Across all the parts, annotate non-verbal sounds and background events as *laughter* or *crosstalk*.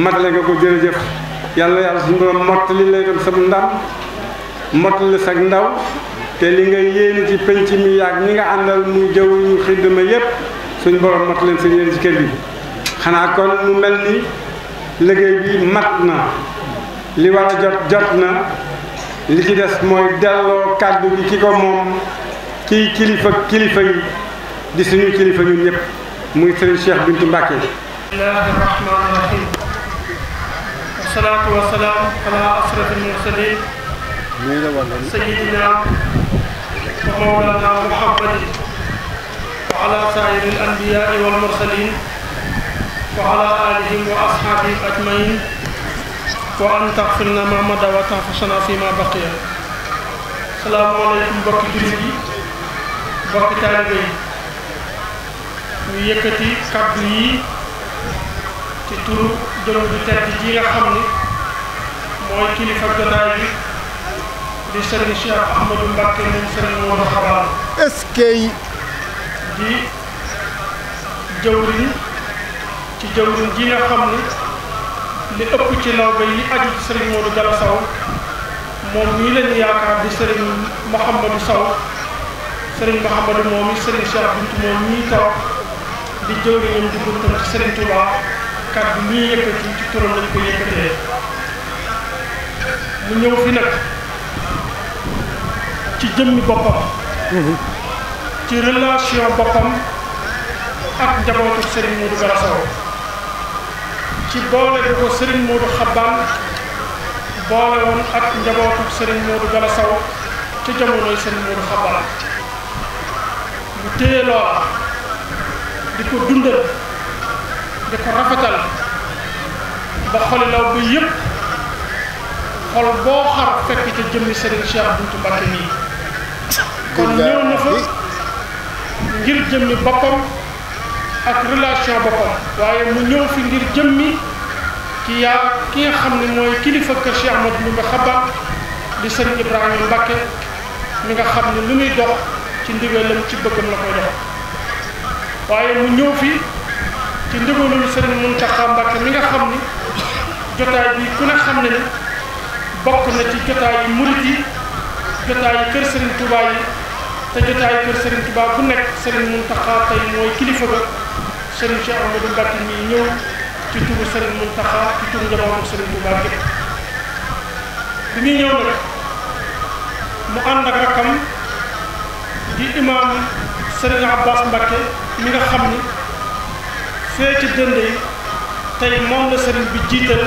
matale nga ko jërëjëf yàlla yàlla suñu borom mottali lay doon sam ndam mottali sag ndaw te li nga yéene ci penc mi yaag ñi nga àndal mu jëw ñu xiddama yépp suñu borom mott leen seen yéen ci kër gi xanaa kon mu mel ni liggéey bi mat na li war a jot jot na li ci des mooy delloo kàddu gi ki ko moom kii kilifa kilifa yi di suñu kilifa ñun ñëpp muy sëriñ Cheikh Bintou Mbacké. bismillaahi rahmaani salaatu wa salaam ala asrafil mursalin sayyidina wa mawlana muhammadin wa ala sairil anbiyai wal mursalin wa ala alihim wa ashabihim ajmain wa an taxfir lana ma mada wa taxfasana fi ma baqiya salaamaaleykum mbokki jullit yi mbokki taalibe yi ñu yëkkati kaddu yi ci turu jëmm ju tedd ji nga xam ni mooy kilifa jotaay bi di sëriñ Cheikh Ahmadou Mbacke moom sëriñ Modou ci jëwriñ ji nga xam ni li ëpp ci nawbe yi aju ci sëriñ Modou Jalla Sow moom mii lañu yaakaar di sëriñ Mouhamadou Sow sëriñ Mouhamadou moom i sëriñ Cheikh Bintu moom ñii taw di jëwriñam di buntam ci sëriñ Touba kàddu mi yëkkati ci turam lañ ko yëkkatee mu ñëw fi nag ci jëmmi boppam mhm. ci relation boppam ak njabootu Serigne Modou Bara Sow ci boole bu ko Serigne Modou Xabbaan boole woon ak njabootu Serigne Modou Bara Sow ci jamonoy Serigne Modou Xabbaan mu téye loola di ko dundal di ko rafetal ba xoli law bi yëpp xol boo xar fekk ca jëmmi Serigne Cheikh Bintou Mbacké nii kon ñëw na fa ngir jëmmi boppam ak relation boppam waaye mu ñëw fi ngir jëmmi ki yaa ki nga xam ne mooy kilifa kër Cheikh Ahmadou Ndoumbé Xaban di Serigne Ibrahima Mbacké mi nga xam ne lu muy dox ci ndigalam ci bëggam la koy dox waaye mu ñëw fi ci ndigalul sëriñ Muntaxa Mbàkke mi nga xam ni jotaay bi ku ne xam ne ni bokk na ci jotaay yi murit yi jotaay yi kër sëriñ Tuubaa yi te jotaay kër sëriñ Tuubaa bu nekk sëriñ Muntaxa tey mooy kilifa ga sëriñ Cheikh Amadou Mbàkke mi ñëw ci turu sëriñ Muntaxa ci turu njabootu sëriñ Tuubaa gépp bi muy ñëw nag mu ànd ak rakkam di imaam sëriñ Abbas Mbàkke mi nga xam ni fee ci dënd yi tey moom la sëriñ bi jiital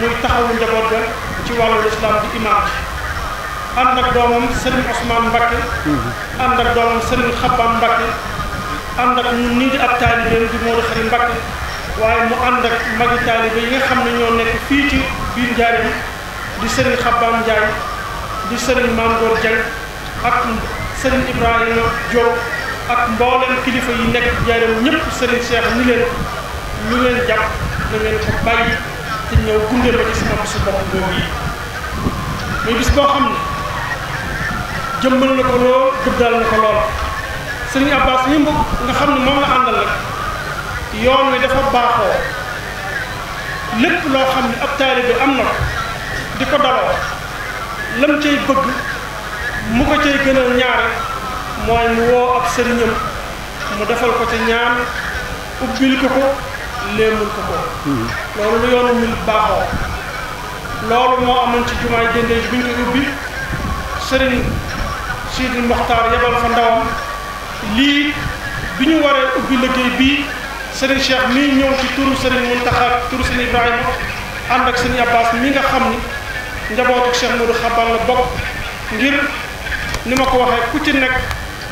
muy taxawu njaboot ga ci wàllu lislaam di imaam ji ànd ak doomam sëriñ Ousmane Mbakke ànd ak doomam sëriñ Xabbaan Mbakke ànd ak ñun nii di ab taalibeem di Moodu Xari Mbakke waaye mu ànd ak magi taalibe yi nga xam ne ñoo nekk fii ci biir Njaaréem di sëriñ Xabbaan Njaay di sëriñ Maam Góor Jeng ak sëriñ Ibrahima Diop ak mboolem kilifa yi nekk jaareem ñëpp Serigne Cheikh ni leen lu ngeen jàpp da ngeen ko bàyyi te ñëw gunge ma ci sama bisu bopp boobu yi muy bis boo xam ne jëmbal na ko lool gëddal na ko lool Serigne Abbas mi mbokk nga xam ne moom la àndal rek yoon wi dafa baaxoo lépp loo xam ne ab bi am na ko di ko daloo lam cay bëgg mu ko cay gën a mooy mu woo ab sëriñam mu defal ko ci ñaan ubbil ko ko léemul ko ko loolu lu yoonu mil baaxoo loolu moo amoon ci jumaay Dendeye bi ñu koy ubbi sëriñ Sidi Moxtaar yebal fa ndawam lii bi ñu waree ubbi liggéey bii sëriñ Cheikh mii ñëw ci turu sëriñ Muntaxa ak turu sëriñ Ibrahima ànd ak sëriñ Abbas mi nga xam ni njabootu Cheikh Modou Xabal la bokk ngir ni ma ko waxee ku ci nekk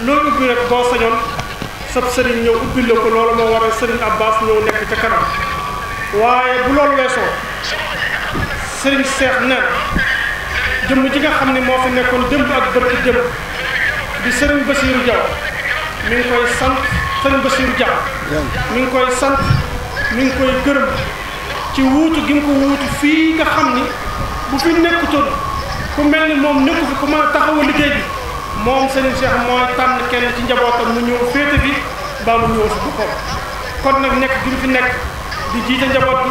loolu ubbi rek boo sañoon sab sëriñ ñëw ubbi la ko loolu moo waral sëriñ Abbas ñëw nekk ca kanam waaye bu loolu weesoo sëriñ Seex ne jëmm ji nga xam ne moo fi nekkoon démb ak bërki démb di sëriñ Basiiru Jaw mi ngi koy sant sëriñ Basiiru Jaw mi ngi koy sant mi ngi koy gërëm ci wuutu gi mu ko wuutu fii nga xam ni bu fi nekkutoon ku mel ni moom nekku fi ku mën a taxawu liggéey bi moom Serigne Cheikh mooy tànn kenn ci njabootam mu ñëw féete bi ba mu ñëw si boppam kon nag nekk gi fi nekk di jiite njaboot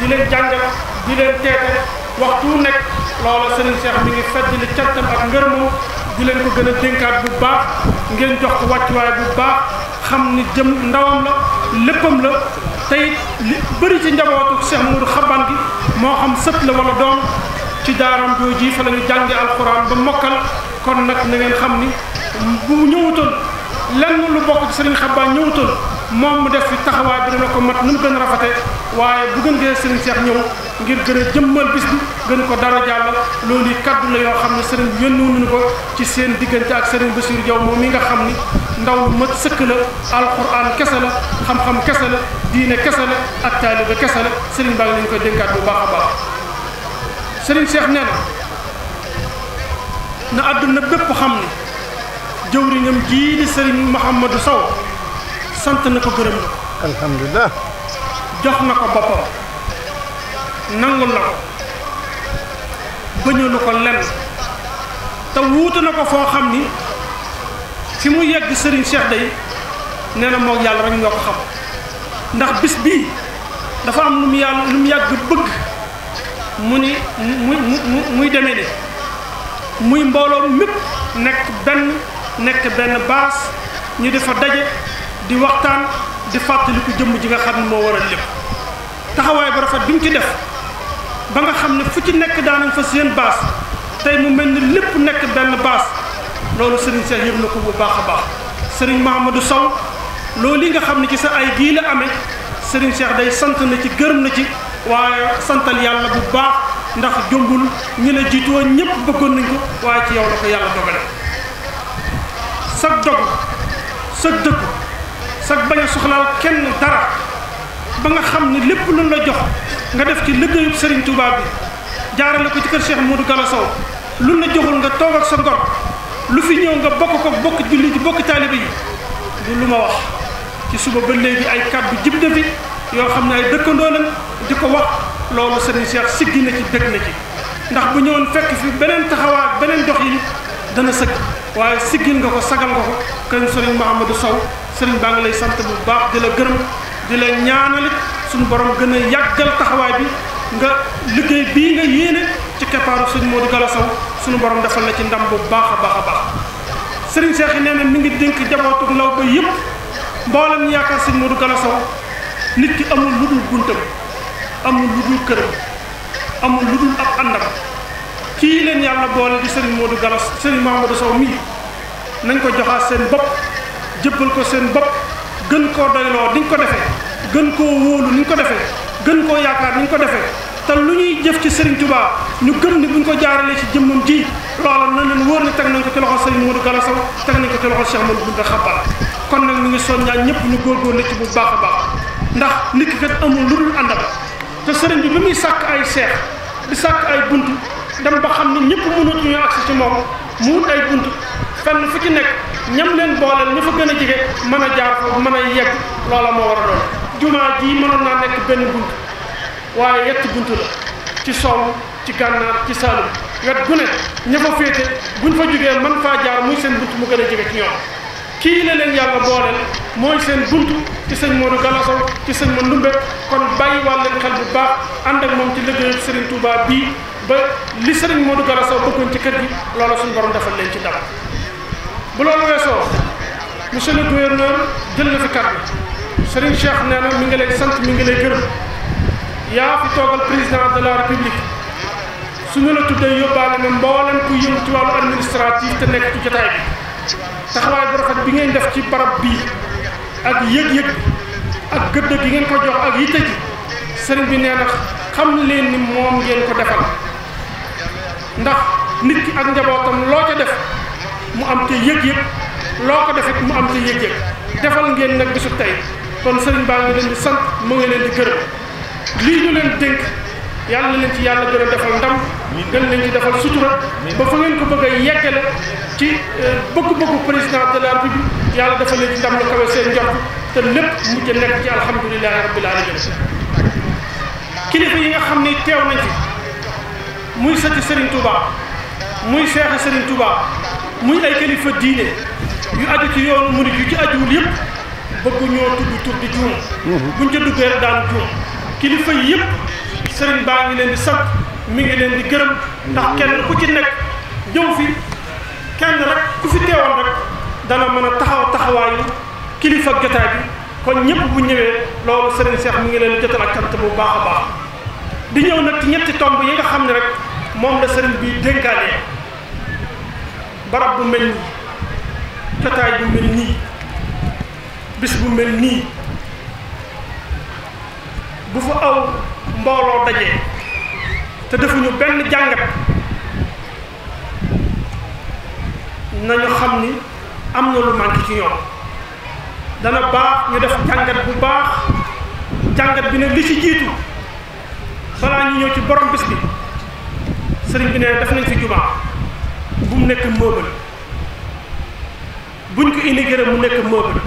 di leen jàngal di leen teete waxtu wu nekk loola Serigne Cheikh mi ngi fàttali cantam ak ngërëmu di leen ko gën a dénkaat bu baax ngeen jox ko wàccuwaay bu baax xam ni jëm ndawam la léppam la tey li bëri ci njabootu Cheikh Moudou Xaban gi moo xam sët la wala doom ci daaram jooju fa la ñu jànge alxuraan ba mokkal kon nag na ngeen xam ni bu ñëwutoon lenn lu bokk ci sëriñ Xabbaan ñëwutoon moom mu def fi taxawaay bi dana ko mat nu mu gën a rafete waaye bu gën gee sëriñ Seex ñëw ngir gën a jëmmal bis bi gën ko dara jàll loolu yi kaddu la yoo xam ne sëriñ bi yónni nañu ko ci seen diggante ak sëriñ Bassirou Diaw moom mi nga xam ni ndaw lu mat sëkk la alxuraan kese la xam-xam kese la diine kese la ak taaliba kese la sëriñ baa ngi leen koy bu baax a baax Serigne Cheikh nee na na àdduna bépp xam ne jëwriñam jii di Serigne Mouhamadou Sow sant na ko gërëm na ko jox na ko boppam nangul na ko bañu na ko lenn te wuutu na ko foo xam ni fi mu yegg Serigne Cheikh day nee na moog yàlla rek ñoo ko xam ndax bis bii dafa am lu mu yàlla lu mu yàgg bëgg mu ni muy muy demee ni muy mbooloo mépp nekk benn nekk benn baas ñu di fa daje di waxtaan di fàttaliku jëmm ji nga xam ne moo waral lépp taxawaay ba rafet bi ci def ba nga xam ne fu ci nekk daanañ fa seen baas tey mu mel ni lépp nekk benn baas loolu Serigne Cheikh yëg na ko bu baax a baax Serigne Mouhamadou Sow loolu li nga xam ne ci sa ay gii la amee Serigne Cheikh day sant na ci gërëm na ci waaye santal yàlla bu baax ndax jombul ñi la jiitoo ñépp bëggoon nañ ko waaye ci yow la ko yàlla dogale sa dog sa dëkku sa bañ soxlaal kenn dara ba nga xam ni lépp luñ la jox nga def ci liggéeyub sëriñ tubaab bi jaarale ko ci kër Cheikh Modou Gallo Sow lu la joxul nga toog ak sa ngor lu fi ñëw nga bokk ko bokk julli ji bokk taalibe yi lu lu ma wax ci suba ba léegi ay kàddu jib na fi yoo xam ne ay dëkkandoo lañ di ko wax loolu sëriñ Cheikh siggi na ci dëgg na ci ndax bu ñëwoon fekk bi beneen taxawaay beneen dox yi dana sëgg waaye siggil nga ko sagal nga ko kër sëriñ Mouhamadou Sow sëriñ baa ngi lay sant bu baax di la gërëm di la ñaanalit suñu borom gën a yàggal taxawaay bi nga liggéey bii nga yéene ci keppaaru sëriñ Modou Gala Sow suñu borom defal la ci ndam bu baax a baax a baax sëriñ Cheikh yi nee na mi ngi dénk jabootu law ba yëpp mboolem yaakaar sëriñ Modou Gala Sow nit ki amul lu amul lu dul këram amul lu ab àndam kii leen yàlla boole di Serigne Modou Galas Serigne Mamadou saw mii nañ ko joxaat seen bopp jëbbal ko seen bopp gën koo doyloo ni ñu ko defee gën koo wóolu ni ñu ko defee gën koo yaakaar ni ñu ko defee te lu ñuy jëf ci Serigne Touba ñu gëm ni bu ñu ko jaaralee ci jëmmam ji loola na leen wóor ne teg nañ ko ci loxo Serigne Modou Galas Sow teg nañ ko ci loxo Cheikh Modou Bunda Xabaar kon nag ñu ngi soññaa ñëpp ñu góorgóorlu ci bu baax a baax ndax nit ki kat amul lu dul àndam te sëriñ bi bi muy sàkk ay seex di sàkk ay bunt dem ba xam ne ñëpp mënatuñu agsi ci moom mu wut ay bunt fenn fu ci nekk ñam leen booleel ñu fa gën a jige mën a jaar foofu mën a yegg loola moo war a jumaa jii mënoon naa nekk benn bunt waaye yetti bunt la ci soow ci gànnaar ci saalum wet gu ne ña fa féete buñ fa jógee mën faa jaar muy seen bunt mu gën a jige ci ñoom kii la leen yàlla booleel mooy seen buntu ci sëñ Modou Galasso ci sëñ ma ndumbe kon bàyyi wàll leen xel bu baax ànd ak moom ci liggéeyu Serigne Touba bii ba li sëriñ Modou Galasso bëggoon ci kër gi loolu suñu borom defal leen ci dara bu loolu weesoo monsieur le gouverneur jël na fi kàddu sëriñ Cheikh nee na mi ngi lay sant mi ngi lay gërëm yaa fi toogal président de la république suñu la tuddee yóbbaale na mboolem ku yëngu ci wàllu administratif te bi taxawaay bu rafet bi ngeen def ci barab bii ak yëg-yëg ak gëdd gi ngeen ko jox ak yitte ji sëriñ bi nee na xam leen ni moom ngeen ko defal ndax nit ki ak njabootam loo ca def mu am te yëg-yëg loo ko defit mu am te yëg-yëg defal ngeen nag su tey kon sëriñ baa ngi leen di sant mu ngi leen di gërëm lii ñu leen dénk yàlla leen ci yàlla gën leen defal ndam ñu gën leen ci defal sutura ba fa ngeen ko bëgg a yeggale ci euh, bëgg-bëggu président de la République yàlla dafa leen ci ndam lu kawe seen njort te lépp jël nekk ci alhamdulilahi rabbil alamin kilifa yi nga xam ni teew nañ ci muy sëti Serigne Touba muy seexi Serigne Touba muy ay kilifa diine yu aju ci yoonu murid yu ci ajuwul yëpp bëggu ñoo tudd tur di juum buñ ca duggee rek daan juum kilifa yi yëpp Serigne baa ngi leen di sant mi ngi leen di gërëm ndax kenn ku ci nekk ñëw fi kenn rek ku fi teewoon rek dana mën a taxaw taxawaayu kilifa jotaay bi kon ñëpp bu ñëwee loolu Serigne seex mu ngi leen jotal ak cant bu baax a baax di ñëw nag ci ñetti tomb yi nga xam ne rek moom la Serigne bii dénkaanee barab bu mel nii jotaay bu mel nii bis bu mel nii bu fa aw mbooloo dajee te defuñu benn jàngat nañu xam ni am na lu manqué ci ñoom dana baax ñu def jàngat bu baax jàngat bi ne li ci jiitu balaa ñu ñëw ci borom bis bi sëriñ bi ne def nañ fi jumaa bu mu nekk meuble buñ ko inauguré mu nekk meuble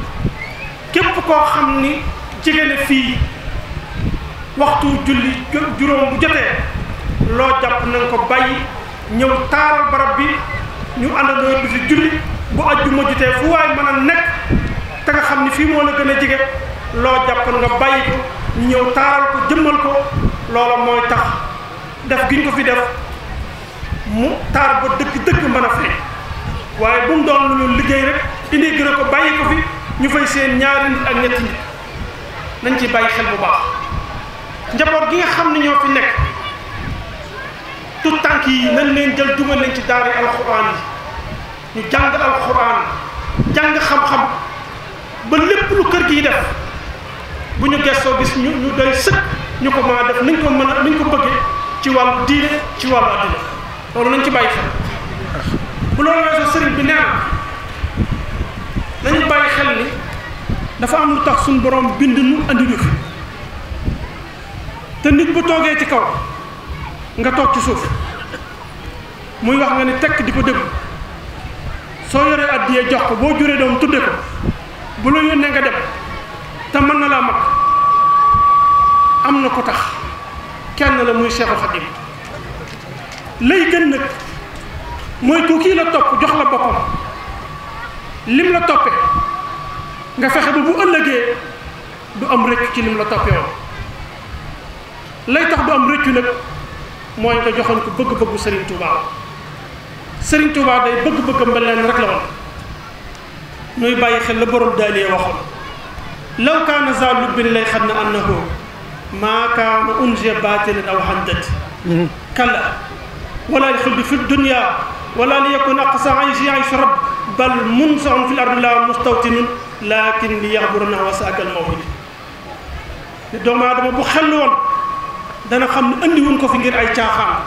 képp koo xam ni jege na fii waxtu julli juróom bu jotee loo jàpp nañ ko bàyyi ñëw taaral barab bi ñu àndandoo bi fi julli bu àjjuma jotee fu waay mën a nekk te nga xam ni fii moo la gën a jege loo jàpp nga bàyyi ko ñu ñëw taaral ko jëmmal ko loola mooy tax def gi ñu ko fi def mu taar ba dëkk dëkk mën a fay waaye bu mu doon lu ñu liggéey rek indi gën a ko bàyyi ko fi ñu fay séen ñaari nit ak ñetti nit nañ ci bàyyi xel bu baax njaboot gi nga xam ne ñoo fi nekk. tout tànk yi nañ leen jël dugal leen ci daara alxuraan yi ñu jàng alxuraan jàng xam-xam ba lépp lu kër gi def bu ñu gestoo gis ñu ñu doy ñu ko mën def niñ ko mën a niñ ko bëggee ci wàllu diine ci wàllu adduna loolu nañ ci bàyyi xel bi nee na nañu ni dafa am lu tax suñu borom bind nu andi ñu fi te nit bu toogee ci kaw nga toog ci suuf muy wax nga ni tekk di ko déglu soo yoree addiyee jox ko boo juree doom tudde ko bu la yónnee nga dem te mën na laa mag am na ko tax kenn la muy Seexul Xadiim lay gën nag mooy ku kii la topp jox la boppam lim la toppe nga fexe ba bu ëllëgee du am rëccu ci lim la toppee woon lay tax du am rëccu nag mooy nga joxoon ko bëgg-bëggu Serigne Touba Serigne Touba day bëgg-bëggam ba leen rek la woon nuy bàyyi xel la borom daalee waxoon law kaana za lubbin lay xam ne annahu maa kaana unje baatilin aw handat kala wala li xuldi fi dunia wala li yakun aqsa aysi aysu rab bal munsaun fi l ardi la mustawtinun lakin li yaxburuna wa saakal mawhid doomu aadama bu xel woon dana xam ne andiwuñ ko fi ngir ay caaxaan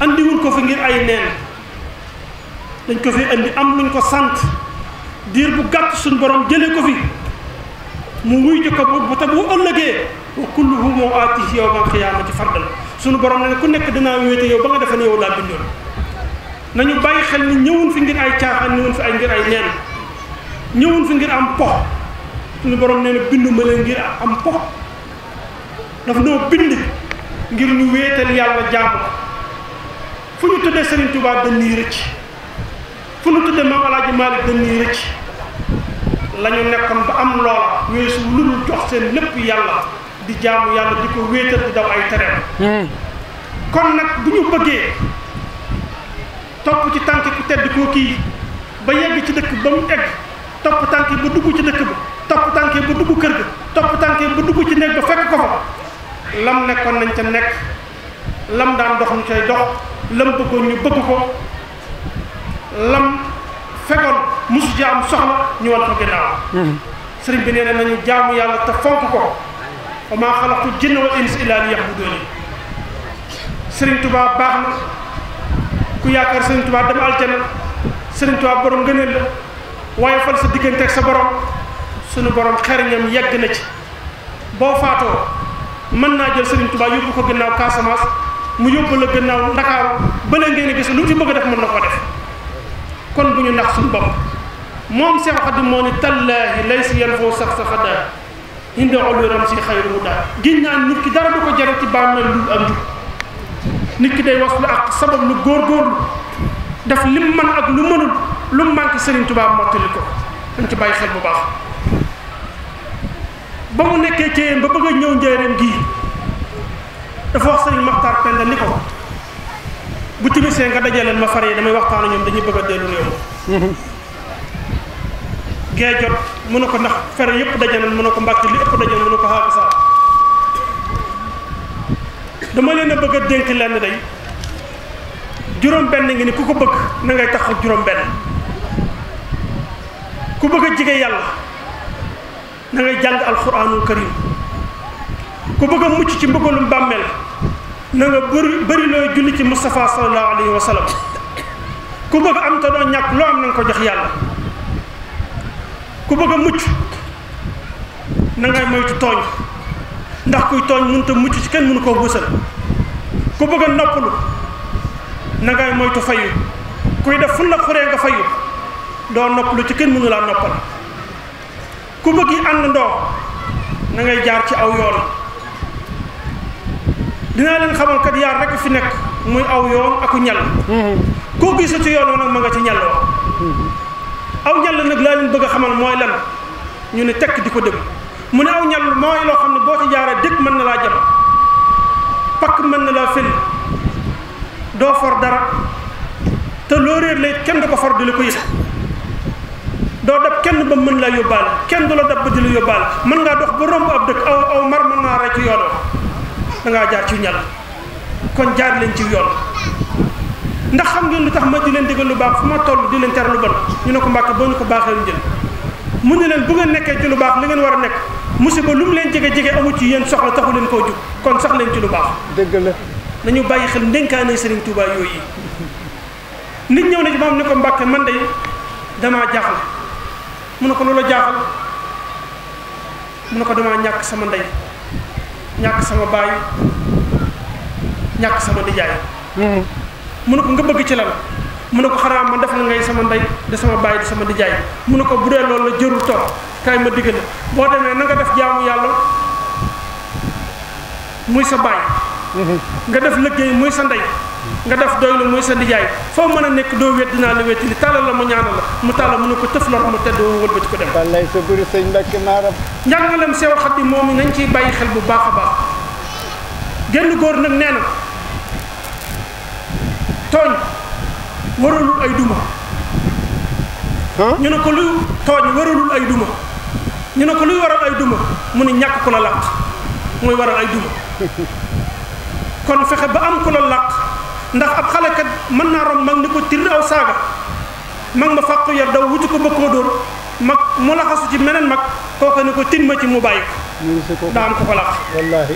andiwuñ ko fi ngir ay neen dañ ko fi andi am luñ ko sant diir bu gàtt suñu borom jëlee ko fi mu wuy ji ko bu te bu ëllëgee wa kulluhum aatihi yawmal qiyaamati fardan borom ku nekk danaa wéete yow ba nga defe ne yow laa bindoon nañu bàyyi xel ni ñëwun fi ngir ay caaxaan ñëwun fi ay ngir ay neen ñëwun fi ngir am pox suñu borom nee na bindu ma leen ngir am pox daf noo bind ngir ñu wéetal yàlla jaamu fu ñu tëddee Serigne Touba dañ ñuy rëcc fu ñu tëddee Maam Alaaji Maalik dañ ñuy rëcc la nekkoon ba am loola weesu lu dul jox seen lépp yàlla di jaamu yàlla di ko wéetal di daw ay tereem hmm. kon nag bu ñu bëggee topp ci tànk ku tedd koo kii ba yegg ci dëkk ba mu egg topp tànk ba dugg ci dëkk ba topp tànk ba dugg kër ga topp tànk ba dugg ci néeg ba fekk ko fa lam nekkoon nañ ca nekk lam daan dox ñu cay dox lam bëggoon ñu bëgg ko lam fegoon musu jaam soxla ñu wan ko ginnaaw hmm. sëriñ bi nee na nañu jaamu yàlla te fonk ko wa si xalaqtu jinna wal insa illaa liya'buduun sëriñ Tuubaa baax na ku yaakaar sëriñ Tuubaa dem aljana sëriñ Tuubaa borom ngëneel la waaye fal sa diggante ak sa borom sunu borom xeriñam yegg na ci boo faatoo mën naa jël Serigne Touba yóbbu ko gannaaw Casamance mu yóbbu la gannaaw Ndakaaru bële ngeen gis lu ci bëgg a mën na ko def kon bu ñu nax suñu bopp moom Seex Xaadim moo ni tallaahi lay si yan foo sax saxa daal hinda oluram si xayru daal gin naan nit ki dara du ko jare ci baax na lu am njub nit ki day waslu ak sabab lu góorgóorlu def lim man ak lu mënul lu manqué Serigne tubaab mottali ko dañ ci bàyyi xel bu baax ba mu nekkee Ceyeen ba bëgg a ñëw njaareem gii dafa wax sëriñ Maxtaar Penda ni ko bu timisee nga dajaleen ma fare yi damay waxtaanu ñoom dañuy bëgg a dellu réew mi gee jot mu ne ko ndax fere yëpp dajaleen mu ne ko mbàcc li ëpp dajaleen mu ne ko xaaka saa dama leen bëgg a dénk lenn day juróom benn ngi ni ku ko bëgg na ngay taxaw juróom benn ku bëgg a jige yàlla na ngay jàng alxuraanul karim ku bëgg a mucc ci mbëggalum bàmmeel na nga bëri bëri looy julli ci Moustapha sallallahu alayhi wa sallam ku bëgg am te doo ñàkk loo am na ko jox yàlla ku bëgg a mucc na ngay moytu tooñ ndax kuy tooñ mënut a mucc ci kenn mënu koo buusal ku bëgg a noppalu na ngay moytu fayu kuy def fu la xuree nga fayu doo noppalu ci kenn mënu laa noppal ku bëgg yi ànd ndoo na ngay jaar ci aw yoon dinaa leen xamal kat yaar fi nekk muy aw yoon aku ñal mm-hmm. koo gisu ci yoon wa nag nga ci ñal wa aw ñal nag laa leen bëgg a xamal mooy lan ñu ne tekk di ko dëgg mu ne aw ñal mooy loo xam ne boo ci jaaree dégg mën na laa jam pakk mën na laa fen doo for dara te loo réer lay kenn du ko for di la ko yëg doo dab kenn ba mën laa yóbbaale kenn du la dab ba di la yóbbaale mën ngaa dox ba romb ab dëkk aw aw mar mën naa rey ci yoonam da ngaa jaar ci ñal kon jaar leen ci yoon ndax xam ngeen lu tax ma di leen digal lu baax fu ma toll di leen tere lu bon ñu ne ko mbàkke boo ñu ko baaxee lu mu ne leen bu ngeen nekkee ci lu baax li ngeen war a nekk musiba lu mu leen jege jege amu ci yéen soxla taxu leen koo jug kon sax leen ci lu baax. dëgg la nañu xel ndénkaane Serigne Touba yooyu nit ñëw na ci moom ne ko mbàkke man de damaa jaaxle. mu ne ko loola jaaxal mu ne ko damaa ñàkk sama ndey ñàkk sama baay ñàkk sama nijaay hmm. mu ne ko nga bëgg ci lan mu ne ko xanaa ma def la ngay sama ndey di sama baay di sama nijaay mu ne ko bu dee loolu la jërul toog kaay ma diggale boo demee na nga def jaamu yàlla muy sa baay hmm. nga def liggéey muy sa ndey nga def doylu muy sa nijaay foo mën a nekk doo wet dinaa la wetti li tàllal la mu ñaana la mu tàllal mu ne ko tëf la mu tedd wëlbati ko dem wallay sa bëri sëñ Mbàkke Maaram njàngalem moom nañ ciy bàyyi xel bu baax a baax génn góor nee na tooñ waralul ay duma ñu ne ko luy tooñ waralul ay duma ñu ne ko luy waral ay duma mu ne ñàkk ku la làq mooy waral ay duma *laughs* kon fexe ba am ku la làq ndax ab xalekat mën naa rom mag ni ko tir aw saaga mag ma fàq ya daw wuti ko bëgg koo dóor mag mu laxasu ci meneen mag kooku ne ko tin ma ci mu bàyyi ko daa am ko ko làq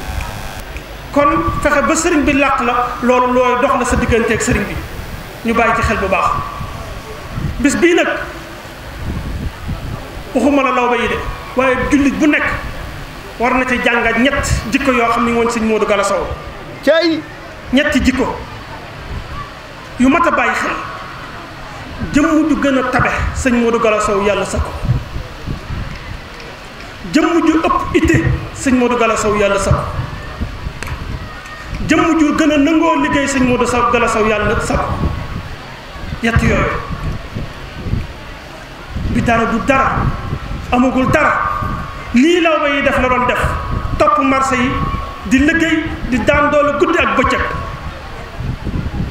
kon fexe ba sëriñ bi làq la loolu looy dox na sa digganteeg sëriñ bi ñu bàyyi ci xel bu baax bis bii nag waxuma la lawbe yi de waaye jullit bu nekk war na ci jàngat ñett jikko yoo xam ni woon sëñ Modou Gala Sow cay ñetti jikko yu mat a bàyyi xel jëmm ju gën a tabe sëñ Modou Galaw Sow yàlla sa ko jëmm ju ëpp itte sëñ Modou Galaw Sow yàlla sa ko jëmm gën a nangoo liggéey sëñ Modou Sow Galaw Sow yàlla sa ko yett yooyu bi dara du dara amagul dara lii lawbe yi def la doon def topp marché yi di liggéey di daan doole guddi ak bëccëg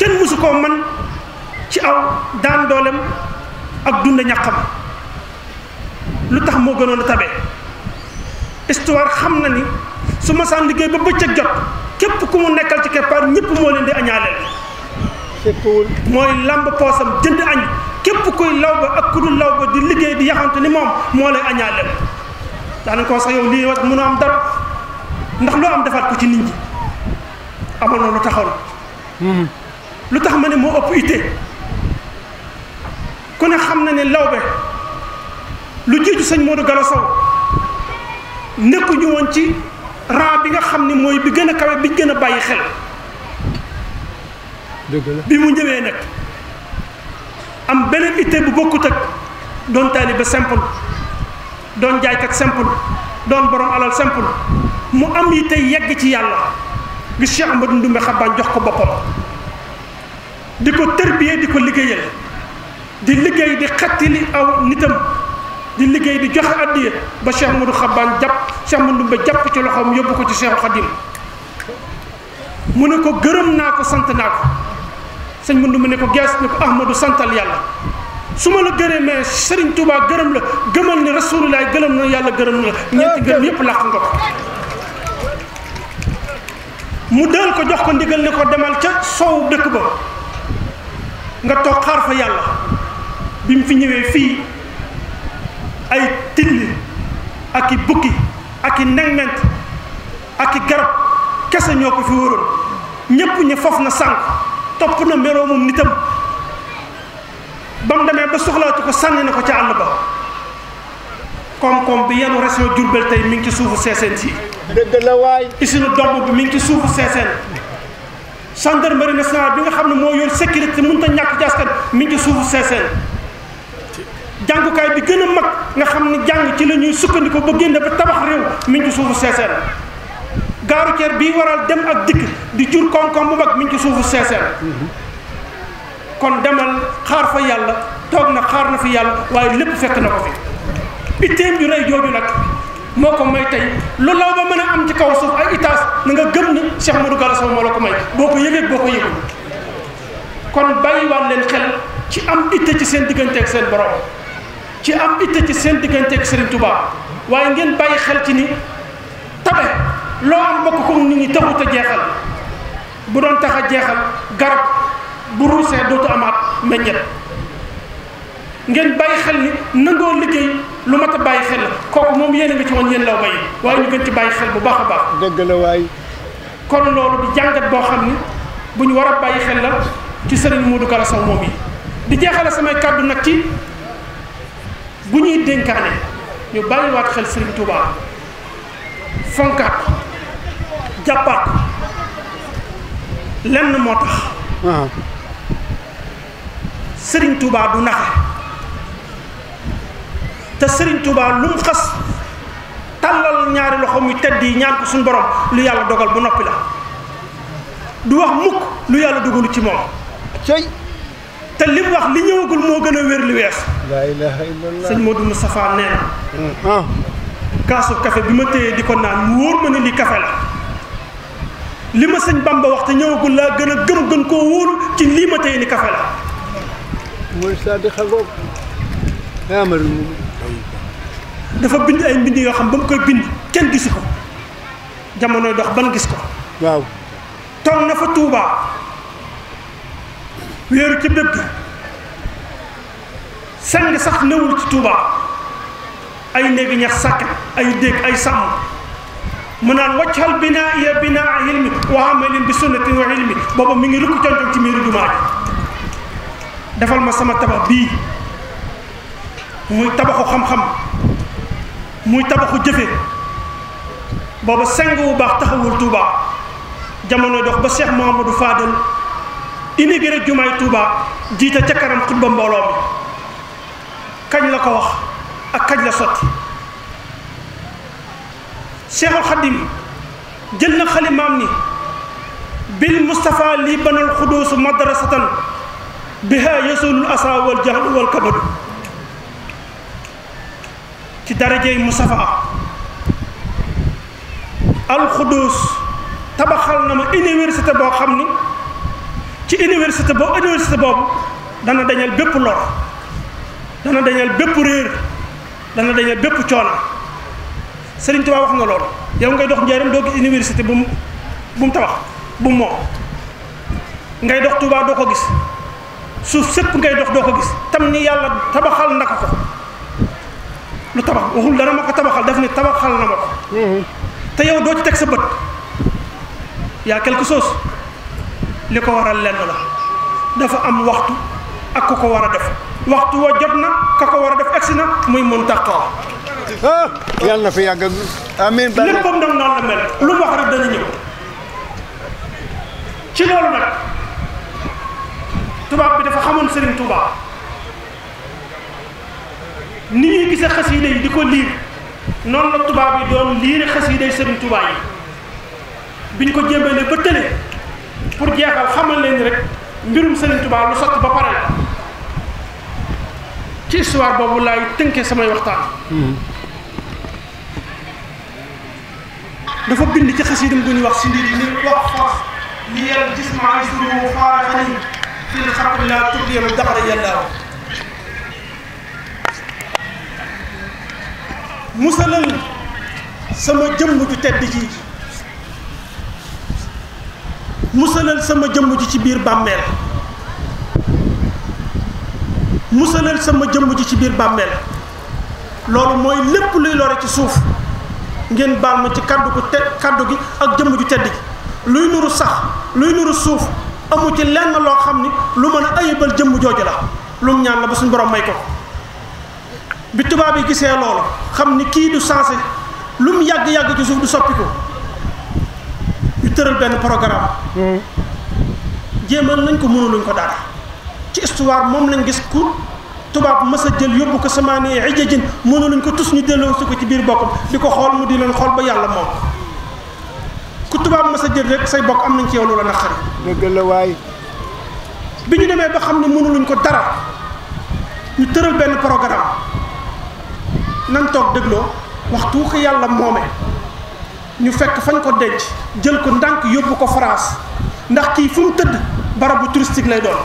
kenn mësu koo man ci aw daan doolem ak dund ñàqam lu tax moo gënoon a tabe histoire xam na ni su ma masaan liggéey ba bëccëg jot képp ku mu nekkal ci keppaar ñëpp moo leen di añaaleel mooy làmb poosam jënd añ képp kuy law ba ak ku dul law ba di liggéey di yaxante ni moom moo lay añaaleel daanañ ko sax yow lii wax mënu am dara ndax loo am defaat ko ci nit ñi amoon na lu taxaw lu tax ma ne moo ëpp itte ku ne xam na ne lawbe lu jiitu sëñ Modou a Sow nekku ñu woon ci rang bi nga xam ne mooy bi gën a kawe bi gën a bàyyi xel bi mu ñëwee nag am beneen itte bu bokkut ak doon taalibe simple doon jaaykat simple doon borom alal simple mu am tey yegg ci yàlla bi Cheikh Amadou Ndoumbé Xaban jox ko boppam di ko tërbiyee di ko liggéeyal di liggéey di xattili aw nitam di liggéey di joxe addiya ba Cheikh Modou Xabbaan jàpp Cheikh Modou Mbé jàpp ci loxoom yóbbu ko ci Cheikh Xadim mu ne ko gërëm naa ko sant naa ko sëñ Modou mu ne ko gees ne ko Ahmadou santal yàlla su ma la gërëmee Serigne Touba gërëm la gëmal ni Rasulullah gërëm na yàlla gërëm na ñeenti gërëm yépp làq nga ko mu dal ko jox ko ndigal ne ko demal ca soow dëkk ba nga toog xaar fa yàlla bi mu fi ñëwee fii ay tilli ak i bukki ak i ndegment ak i garab kese ñoo ko fi wóoroon ñépp ñu fof na sànq topp na meloo moom nitam ba mu demee ba soxlaatu ko sànni na ko ca àll ba koom-koom bi yenu région Diourbel tey mu ngi ci suufu seeseen si dëgg la waay isinu domb bi mi ngi ci suufu seeseen gendarmerie nationale bi nga xam ne moo yor sécurité mënut a ñàkk ci askan mi ngi ci suufu seeseen jàngukaay bi gën a mag nga xam ne jàng ci la ñuy sukkandiku ba génn ba tabax réew mi ngi ci suufu seeseen gaaru ceer bii waral dem ak dikk di jur koom-koom bu mag mi ngi ci suufu seeseen kon demal xaar fa yàlla toog na xaar na fi yàlla waaye lépp fekk na ko fi itteem ju rey jooju nag moo ko may tey lu law ba mën a am ci kaw suuf ay itaas na nga gëm ni Cheikh Modou Gallo Sow moo la ko may boo ko yëgee boo ko yëgul kon bàyyiwaat leen xel ci am itte ci seen diggante ak seen borom ci am itte ci seen diggante ak Serigne Touba waaye ngeen bàyyi xel ci ni tabe loo am bokk ko nit ñi taxut a jeexal bu doon tax a jeexal garab bu ruusee dootu amaat meññet ngeen bàyyi xel ni nangoo liggéey lu mat a bàyyi xel la kooku moom yéen a nga ci woon yéen law bay waaye ñu gën ci bàyyi xel bu baax a baax. dëgg la waay. kon loolu di jàngat boo xam ni bu ñu war a bàyyi xel la ci sëriñ Modou Kara Sow moom yi di jeexale samay kàddu nag ci bu ñuy dénkaane ñu bàyyiwaat xel sëriñ Touba fonkaat jàppaat lenn moo tax. Ah. sëriñ Touba du naxe. te Serigne Touba lu mu xas tàllal ñaari loxoom yu tedd yi ñaan ko suñu borom lu yàlla dogal bu noppi la du wax mukk lu yàlla dugalu ci moom. cey te li mu wax li ñëwagul moo gën a wér li wees. la ilaha sëñ Modou Moustapha nee ah. bi ma téye di ko naan wóor ma ne li kafe la ma sëñ Bamba wax te ñëwagul laa gën a gëm gën koo wóolu ci lii ma téye ni kafe la. dafa bind ay mbind yoo xam ba mu koy bind kenn gisu ko jamonoy dox ban gis ko waaw toog na fa tuubaa wéeru ci dëgg sang sax newul ci tuubaa ay néegi ñax sàkk ay dégg ay sàmm mu naan waccal binaa iya binaa xilmi waxamalin bi sunnatin wa xilmi booba mi ngi rukk concom ci miiru jumaa ji defal ma sama tabax bii muy tabaxu xam-xam muy tabaxu jëfe booba sang bu baax taxawul Touba jamono dox ba Cheikh Mouhamadou Fadel inauguré jumaay Touba jiite ca kanam xutba mbooloo mi kañ la ko wax ak kañ la sotti Cheikhul Khadim jël na xalimaam ni bil Moustapha lii banal xuduusu madrasatan biha yasulul asa wal jahl wal kabadu ci darajey Mustafa alxuduus tabaxal na ma université boo xam ni ci université boo université boobu dana dañal bépp lor dana dañal bépp réer dana dañal bépp coono Sëriñ Tuubaa wax na loolu yow ngay dox njaaram doo gis université bu mu bu mu tabax bu moom ngay dox Tuubaa doo ko gis suuf sëpp ngay dox doo ko gis tam ni yàlla tabaxal na ko lu tabax waxul dana ma ko tabaxal daf ne tabaxal na ma ko te yow doo ci teg sa bët yaa quelque chose li ko waral lenn la dafa am waxtu ak ku ko war a def waxtu wa jot na ka ko war a def si na muy Muntaqa ah, yàlla na fi yàgg amiin léppam dam noonu la mel lu mu wax rek dana ñëw ci loolu nag tubaab bi dafa xamoon Serigne Touba ni ñuy gise xasiida yi di ko liir noonu la tubaab yi doon liire xasiida yi sëriñ Tuubaa yi biñ ko jémbalee ba tële pour jeexal xamal leen rek mbirum sëriñ Tuubaa lu sotti ba pare la ci histoire boobu laay tënkee samay waxtaan hmm. dafa bind ci xasiidam gu wax si ndir yi ni wax fas li yàlla gis suru faara xanin fil xarab laa tur yam daxara yàllaaw musalal sama jëmm ju tedd ji musalal sama jëmm ji ci biir bàmmeel musalal sama jëmm ji ci biir bàmmeel loolu mooy lépp luy lore ci suuf ngeen baal ma ci kàddu gu kàddu gi ak jëmm ju tedd ji luy nuru sax luy nuru suuf amu ci lenn loo xam ni lu mën a ayibal jëmm jooju la lu mu ñaan la ba suñu borom may ko bi tubaab yi gisee loolu xam ni kii du sensé lu mu yàgg-yàgg ci suuf du soppi ko ñu tëral benn programme jéemal nañ ko mënu luñ ko dara ci histoire moom lañ gis ku tubaab mës a jël yóbbu ko samaane ijajin mënu luñ ko tus ñu delloo su ko ci biir boppam di ko xool mu di leen xool ba yàlla moom ku tubaab mës a jël rek say bokk am nañ ci yow loola naqari dëgg la waay bi ñu demee ba xam ne mënu luñ ko dara ñu tëral benn programme nan toog dégloo waxtu ko yàlla moome ñu fekk fañ ko denc jël ko ndànk yóbbu ko France ndax kii fu mu tëdd barabu bu lay doon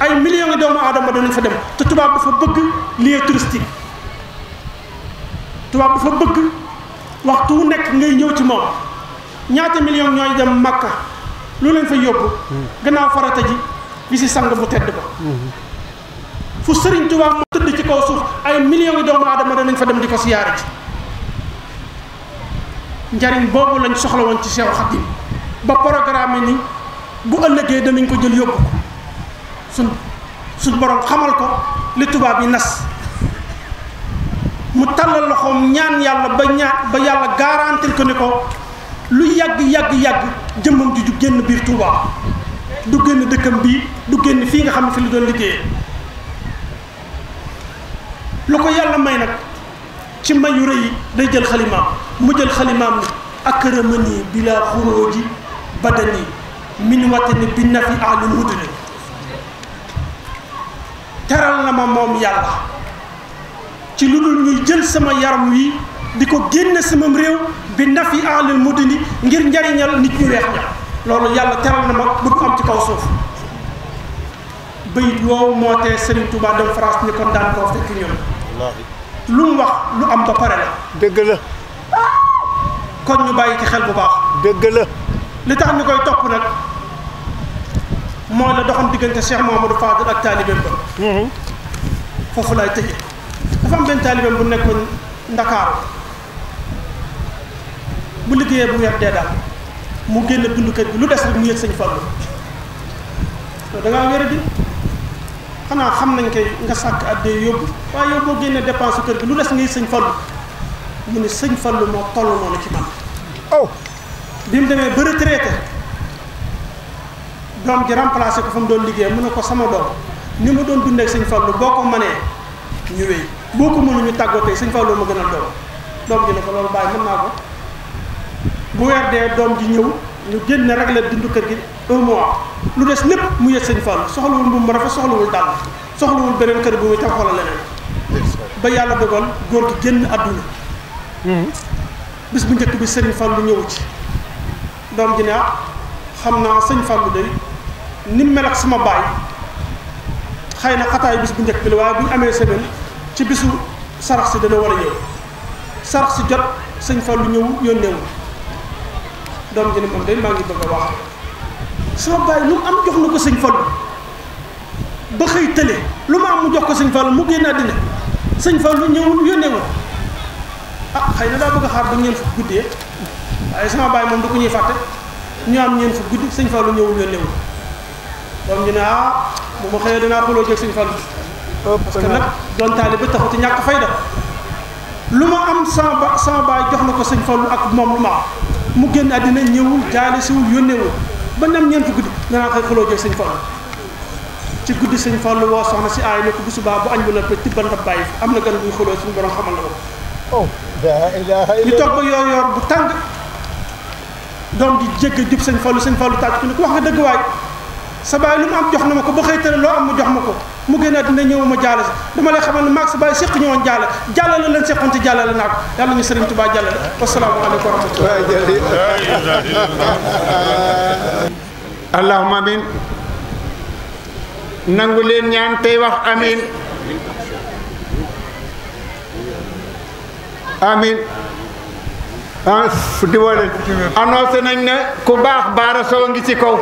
ay millions yi doomu aadama danañ fa dem te tubaab dafa bëgg lieu touristique tubaab dafa bëgg waxtu wu nekk ngay ñëw ci moom ñaata millions ñooy dem Makka lu leen fa yóbbu hmm. gannaaw farata ji bi si sang bu tedd ba hmm. fu sëriñ tubaab ci kaw suuf ay millions yi doomu aadama danañ fa dem di ko siyaare ci njariñ boobu lañ soxla woon ci Seexu Xadim ba programme ni bu ëllëgee danañ ko jël yóbbu ko suñ suñ borom xamal ko li tubaab yi nas mu tàllal loxoom ñaan yàlla ba ñaan ba yàlla garantir ko ni ko lu yàgg yàgg yàgg jëmmam ju ju génn biir Touba du génn dëkkam bii du génn fii nga xam ne fi lu doon liggéeyee lu ko yàlla may nag ci may yu day jël xalimaam mu jël xalimaam ni akramani bila xuróoji badani min watani bi nafi ahlul hudri teral na ma moom yàlla ci lu dul ñuy jël sama yaram wi di ko génne sama réew bi nafi ahlul mudini ngir njariñal nit ñu weex ña loolu yàlla teral na ma bu am ci kaw suuf bayit woowu moo tee Serigne Touba dem France ni kon daan koo fekk ñoom lu mu wax lu am ba pare la. dëgg la. kon ñu bàyyi ci xel bu baax. dëgg la. li tax ñu koy topp nag mooy la doxam diggante Cheikh Mouhamadou Fadel ak taalibeem ba. Mhm. foofu laay tëjee. dafa am benn taalibeem bu nekkoon Ndakaaru bu liggéeyee bu weer dee daal mu génn dund kër bi lu des rek mu yëg sëñ Fallu da ngaa wéradi. xanaa xam nañ koy nga sàkk addee yóbbu waaye yow boo génnee dépense kër gi lu des ngay sëñ fallu mu ne sëñ fan fallu moo toll noonu ci man oh bi mu demee ba retraité doom ji remplacé ko fa doon liggéey mun ne ko sama doom ni ma doon dundee ak sëñ fallu boo ko mënee ñu wéy boo ko mënu ñu tàggoo tey sëñ fallu ma gën a doom doom ji ne ko loolu bàyyi mën naa ko bu weer dee doom ji ñëw ñu génn rek la dindu kër gi un mois lu des lépp mu yëg sëñ Fall soxlawul bu mu rafet soxlawul dàll soxlawul beneen kër bu muy tam xoolal leneen ba yàlla dogal góor gi génn àdduna hmm. bis bu njëkk bi sëñ lu ñëwu ci doom ji ne ah, xam naa sëñ Fall de ni mel ak sama baay xëy na xataay bis bu njëkk bi la waaye bu amee semaine ci bisu sarax si dana war a ñëw sarax si jot sëñ Fall ñëw yónneewu doom ji ne moom day a wax sama bàyyi lu mu am jox ko sëñ Fallu mu jox ko sëñ Fallu mu génn àddina sëñ Fallu ñëwul yónnee ma ah xëy na daa bëgg a ñu am ñeent fukk guddi sëñ Fallu ah, nag doon taalibe taxut ñàkk fayda lu ma am sama ba sama baay jox na ko sëñ Fallu ak moom lu ma am mu génn àddina ñëwul jaale siwul yónneewul ba nam ñeent guddi nga naa koy xuloo jox sëñ Fallu ci guddi sëñ Fallu woo soxna si aay ne ko bu subaa bu añ ba noppee tibbal ndab bàyyi am na gan buy xuloo suñu borom xamal na ko oh, ñu toog ba yoor yoor bu tàng doom di jégg jub sëñ Fallu sëñ Fallu tàcc ko ne ko wax nga dëgg waay sa baay lu mu am jox na ma ko ba xëytale loo am mu jox ma ko mu génn a ñëw ma jaale si dama lay xamal ne maag sa baay séq ñëwoon jaale jàlla la leen séqoon te jàlla la naa ko yàlla ñu sëriñ Tuubaa jàllale wasalaamaaleykum wa rahmatulah allahumma amin nangu leen ñaan tey wax amin amin ah di nañ ne ku baax baara sow ngi ci kaw